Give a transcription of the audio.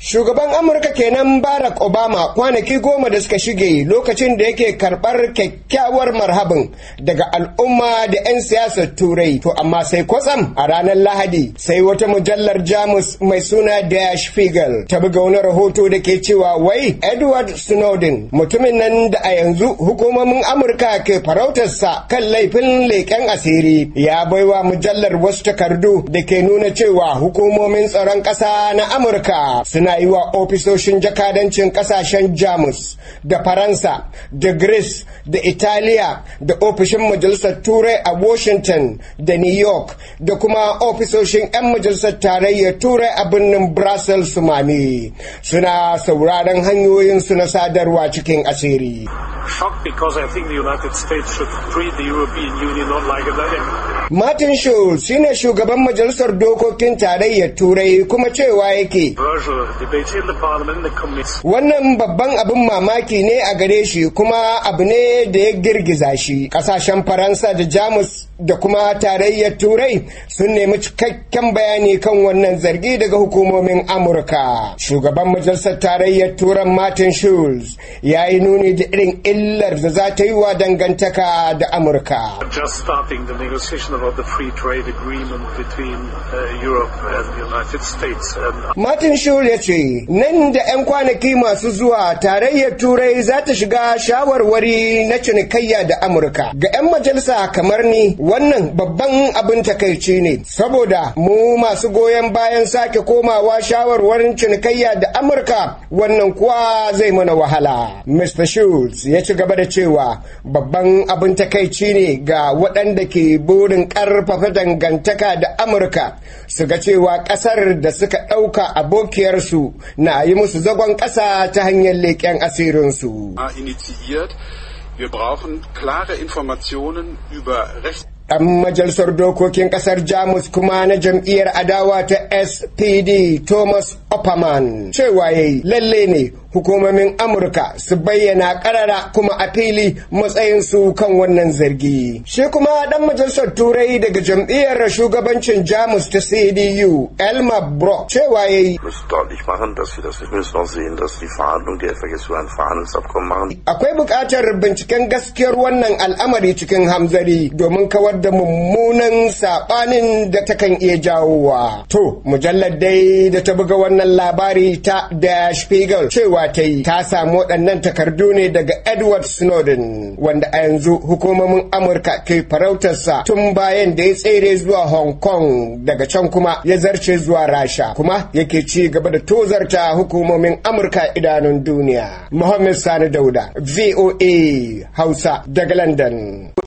Shugaban Amurka kenan Barack Obama kwanaki goma da suka shige lokacin da yake karɓar kyakkyawar marhabin daga al'umma da 'yan siyasar turai. To amma sai kwatsam a ranar Lahadi sai wata mujallar Jamus mai suna Der Spiegel ta buga wani rahoto da ke cewa wai Edward Snowden mutumin nan da a yanzu hukumomin Amurka ke farautarsa kan laifin leƙen asiri ya baiwa mujallar wasu takardu da ke nuna cewa hukumomin tsaron shugaban ƙasa na Amurka suna yi wa ofisoshin jakadancin ƙasashen Jamus da Faransa da Greece da Italiya da ofishin Majalisar Turai a Washington da New York da kuma ofisoshin 'yan Majalisar Tarayyar Turai a birnin Brussels mami suna sauraron hanyoyinsu na sadarwa cikin asiri. Martin Schulz ne shugaban Majalisar Dokokin Tarayyar Turai kuma cewa yake wannan babban abin mamaki ne a gare shi kuma abu ne da ya girgiza shi ƙasashen faransa da jamus da kuma tarayyar turai sun nemi cikakken bayani kan wannan zargi daga hukumomin amurka shugaban majalisar tarayyar turan martin schulz ya yi nuni da irin illar da za ta yi wa dangantaka da amurka uh, uh, martin schulz ya ce nan da 'yan kwanaki masu zuwa tarayyar turai za ta shiga shawarwari na cinikayya da amurka ga 'yan majalisa kamar ni wannan babban abin takaici ne saboda mu masu goyon bayan sake komawa shawarwarin cinikayya da amurka wannan kuwa zai mana wahala mr schultz ya ci gaba da cewa babban abin takaici ne ga waɗanda ke burin ƙarfafa dangantaka da amurka su ga cewa ƙasar da suka ɗauka abokiyarsu na yi musu zagon ƙasa ta hanyar leƙen asirinsu. Wir brauchen klare Ɗan majalisar dokokin ƙasar Jamus kuma na jam'iyyar adawa ta SPD Thomas Opperman cewa yi lalle ne hukumomin Amurka su bayyana karara kuma a fili matsayinsu kan wannan zargi. Shi kuma dan majalisar Turai daga jam'iyyar shugabancin Jamus ta CDU Elmar Brock cewa yi. Akwai buƙatar binciken gaskiyar wannan al'amari cikin hamzari domin kawar da mummunan saɓanin da takan iya jawowa. To, mujallar dai da ta buga wannan wannan labari ta Der Spiegel cewa ta yi ta samu waɗannan takardu ne daga Edward Snowden wanda a yanzu hukumomin Amurka ke farautarsa tun bayan da ya tsere zuwa Hong Kong daga can kuma ya zarce zuwa Rasha kuma yake ci gaba da tozarta hukumomin Amurka idanun duniya. Muhammad Sani Dauda, VOA Hausa daga London.